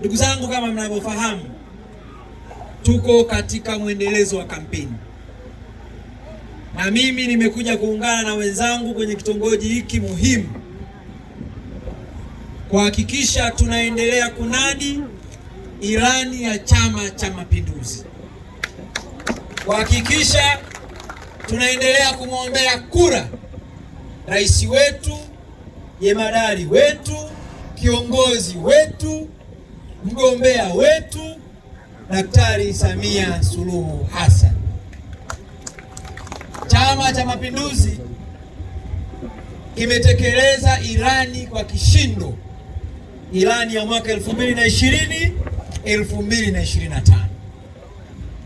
Ndugu zangu, kama mnavyofahamu, tuko katika mwendelezo wa kampeni, na mimi nimekuja kuungana na wenzangu kwenye kitongoji hiki muhimu kuhakikisha tunaendelea kunadi ilani ya Chama cha Mapinduzi, kuhakikisha tunaendelea kumwombea kura rais wetu jemadari wetu kiongozi wetu, mgombea wetu Daktari Samia Suluhu Hassan. Chama cha Mapinduzi kimetekeleza ilani kwa kishindo, ilani ya mwaka 2020 2025.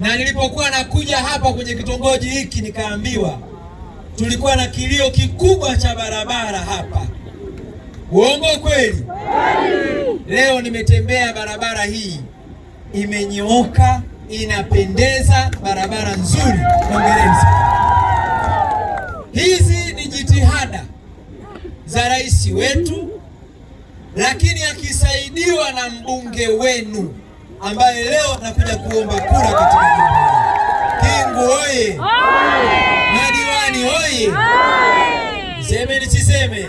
Na nilipokuwa nakuja hapa kwenye kitongoji hiki nikaambiwa tulikuwa na kilio kikubwa cha barabara hapa. Uongo kweli? Leo nimetembea barabara hii imenyooka, inapendeza, barabara nzuri. Hongereni. Hizi ni jitihada za rais wetu, lakini akisaidiwa na mbunge wenu ambaye leo anakuja kuomba kura katika Kingu oye! Madiwani oye! Semeni siseme?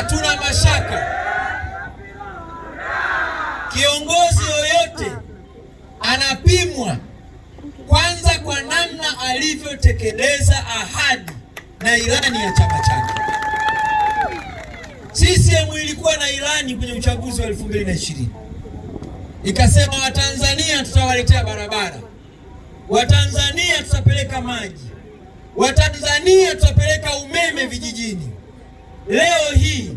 hatuna mashaka. Kiongozi yoyote anapimwa kwanza kwa namna alivyotekeleza ahadi na ilani ya chama chake. CCM ilikuwa na ilani kwenye uchaguzi wa 2020 ikasema, Watanzania tutawaletea barabara, Watanzania tutapeleka maji, Watanzania tutapeleka umeme vijijini leo hii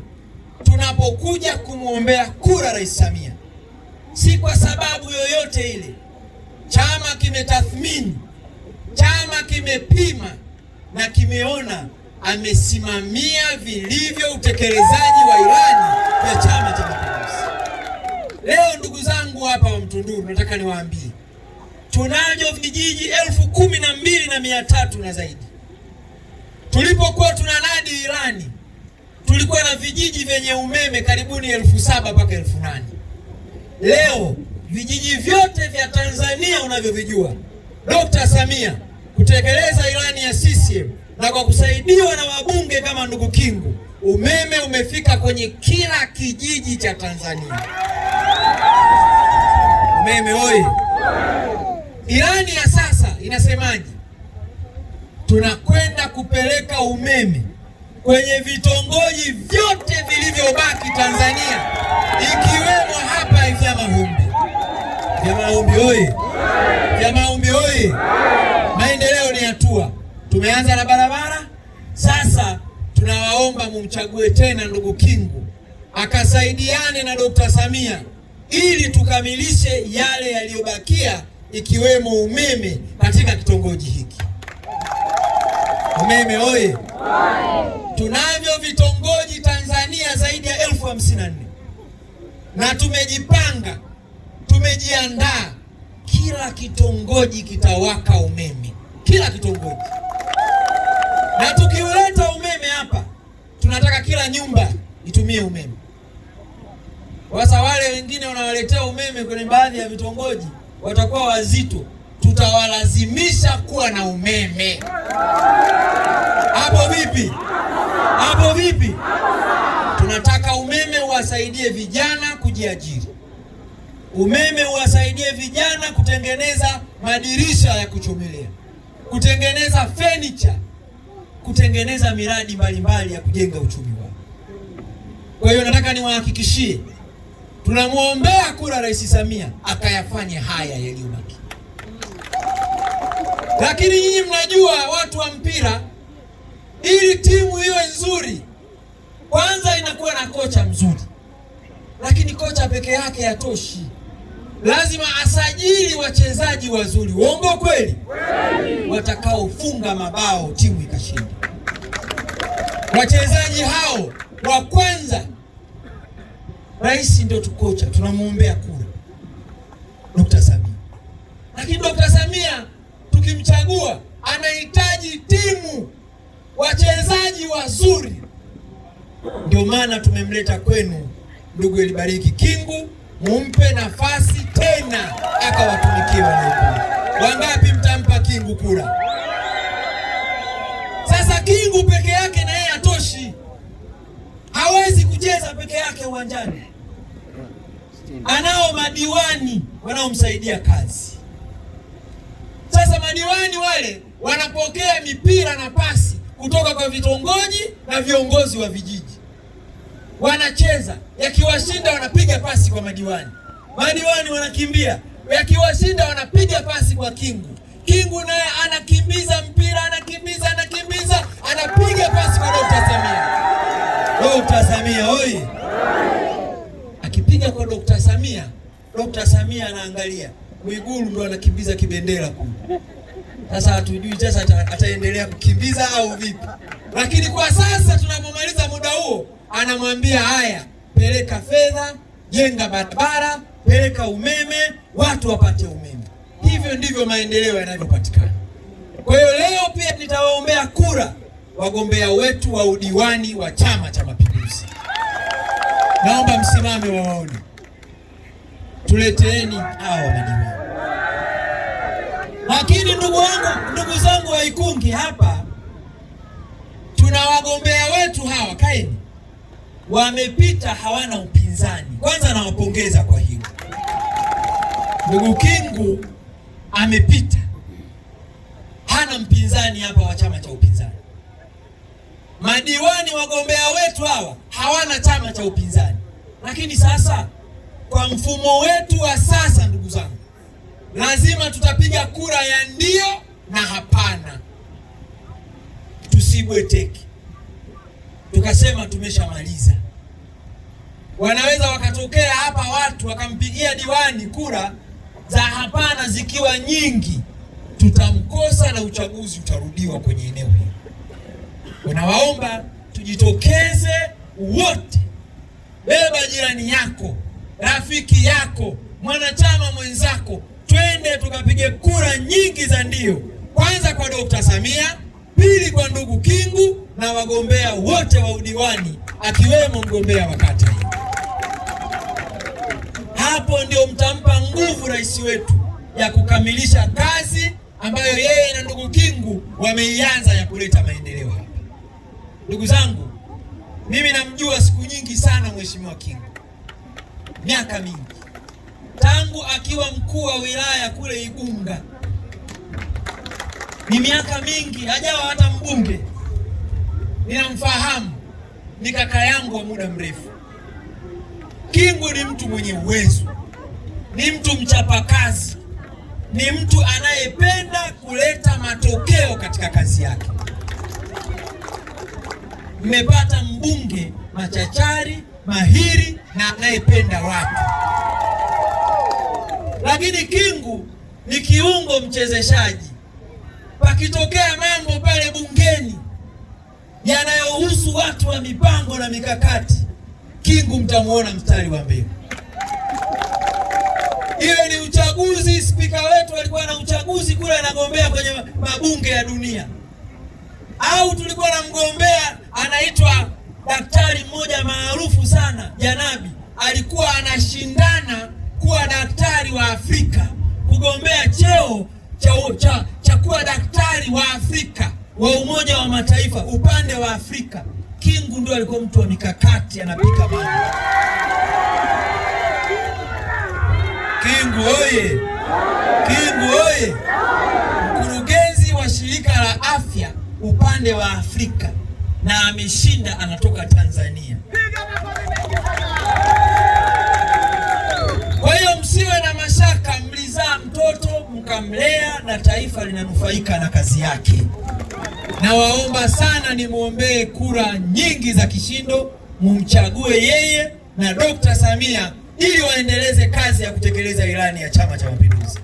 tunapokuja kumwombea kura Rais Samia, si kwa sababu yoyote ile. Chama kimetathmini, chama kimepima na kimeona amesimamia vilivyo utekelezaji wa ilani ya Chama cha Mapinduzi. Leo ndugu zangu hapa wa Mtunduru, nataka niwaambie tunavyo vijiji elfu kumi na mbili na mia tatu na zaidi. Tulipokuwa tunanadi ilani tulikuwa na vijiji vyenye umeme karibuni elfu saba mpaka elfu nane Leo vijiji vyote vya Tanzania unavyovijua, Dr. Samia kutekeleza ilani ya CCM na kwa kusaidiwa na wabunge kama ndugu Kingu, umeme umefika kwenye kila kijiji cha Tanzania. Umeme oye! Ilani ya sasa inasemaje? Tunakwenda kupeleka umeme kwenye vitongoji vyote vilivyobaki Tanzania ikiwemo hapa Ifyamahumbi. Ifyamahumbi oye! Ifyamahumbi oye! Maendeleo ni hatua. Tumeanza na barabara, sasa tunawaomba mumchague tena ndugu Kingu akasaidiane na Dr. Samia ili tukamilishe yale yaliyobakia ikiwemo umeme katika kitongoji hiki. Umeme oye! Tunavyo vitongoji Tanzania zaidi ya elfu hamsini na nne na tumejipanga, tumejiandaa, kila kitongoji kitawaka umeme, kila kitongoji. Na tukiuleta umeme hapa, tunataka kila nyumba itumie umeme. Sasa wale wengine wanawaletea umeme kwenye baadhi ya vitongoji watakuwa wazito, tutawalazimisha kuwa na umeme vipi? Hapo vipi? Tunataka umeme uwasaidie vijana kujiajiri, umeme uwasaidie vijana kutengeneza madirisha ya kuchomelea, kutengeneza furniture, kutengeneza miradi mbalimbali ya kujenga uchumi wao. Kwa hiyo nataka niwahakikishie, tunamwombea kura Rais Samia akayafanye haya yaliyobaki. Lakini nyinyi mnajua watu wa mpira ili timu iwe nzuri, kwanza inakuwa na kocha mzuri, lakini kocha peke yake hatoshi, lazima asajili wachezaji wazuri, uongo kweli, watakaofunga mabao timu ikashinda. Wachezaji hao wa kwanza, rais ndio tukocha, tunamwombea kura ni wazuri, ndio maana tumemleta kwenu ndugu Elibariki Kingu, mumpe nafasi tena akawatumikia wananchi. Wangapi mtampa Kingu kura? Sasa Kingu peke yake na yeye hatoshi, hawezi kucheza peke yake uwanjani. Anao madiwani wanaomsaidia kazi. Sasa madiwani wale wanapokea mipira na pasi kutoka kwa vitongoji na viongozi wa vijiji. Wanacheza, yakiwashinda wanapiga pasi kwa madiwani, madiwani wanakimbia, yakiwashinda wanapiga pasi kwa kingu, kingu naye anakimbiza mpira, anakimbiza, anakimbiza, anapiga pasi kwa Dokta Samia. dokta Samia oi, akipiga kwa dokta Samia, dokta Samia anaangalia Mwigulu ndo anakimbiza kibendera kuu. Sasa hatujui sasa ataendelea kukimbiza au vipi, lakini kwa sasa tunapomaliza muda huo, anamwambia haya, peleka fedha, jenga barabara, peleka umeme, watu wapate umeme. Hivyo ndivyo maendeleo yanavyopatikana. Kwa hiyo leo pia nitawaombea kura wagombea wetu wa udiwani wa Chama cha Mapinduzi. Naomba msimame, wawaone, tuleteeni hao madiwani. Lakini ndugu wangu, ndugu zangu wa Ikungi hapa tuna wagombea wetu hawa, kaeni, wamepita hawana upinzani. Kwanza nawapongeza kwa hiyo. Ndugu Kingu amepita hana mpinzani hapa wa chama cha upinzani. Madiwani wagombea wetu hawa hawana chama cha upinzani, lakini sasa kwa mfumo wetu wa sasa lazima tutapiga kura ya ndio na hapana, tusibweteke tukasema tumeshamaliza. Wanaweza wakatokea hapa watu wakampigia diwani kura za hapana zikiwa nyingi, tutamkosa na uchaguzi utarudiwa kwenye eneo hili. Wanawaomba tujitokeze wote, beba jirani yako, rafiki yako, mwanachama mwenzako twende tukapige kura nyingi za ndio, kwanza kwa Dr. Samia, pili kwa ndugu Kingu na wagombea wote wa udiwani akiwemo mgombea wa kata. Hapo ndio mtampa nguvu rais wetu ya kukamilisha kazi ambayo yeye na ndugu Kingu wameianza ya kuleta maendeleo hapa. Ndugu zangu, mimi namjua siku nyingi sana Mheshimiwa Kingu, miaka mingi tangu akiwa mkuu wa wilaya kule Igunga, ni miaka mingi hajawa hata mbunge. Ninamfahamu, ni kaka yangu wa muda mrefu. Kingu ni mtu mwenye uwezo, ni mtu mchapakazi, ni mtu anayependa kuleta matokeo katika kazi yake. Mmepata mbunge machachari, mahiri na anayependa watu lakini kingu ni kiungo mchezeshaji. Pakitokea mambo pale bungeni yanayohusu watu wa mipango na mikakati, kingu mtamwona mstari wa mbele. hiyo ni uchaguzi, spika wetu alikuwa na uchaguzi kule anagombea kwenye mabunge ya dunia, au tulikuwa na mgombea anaitwa daktari mmoja maarufu sana Janabi, alikuwa anashinda cha, cha kuwa daktari wa Afrika wa Umoja wa Mataifa upande wa Afrika. Kingu ndio alikuwa mtu wa mikakati, anapika mambo. Kingu oye! Kingu oye! Mkurugenzi wa shirika la afya upande wa Afrika, na ameshinda, anatoka Tanzania. Kwa hiyo msiwe na mashaka mkamlea na taifa linanufaika na kazi yake. Nawaomba sana nimwombee kura nyingi za kishindo, mumchague yeye na Dr. Samia ili waendeleze kazi ya kutekeleza ilani ya Chama cha Mapinduzi.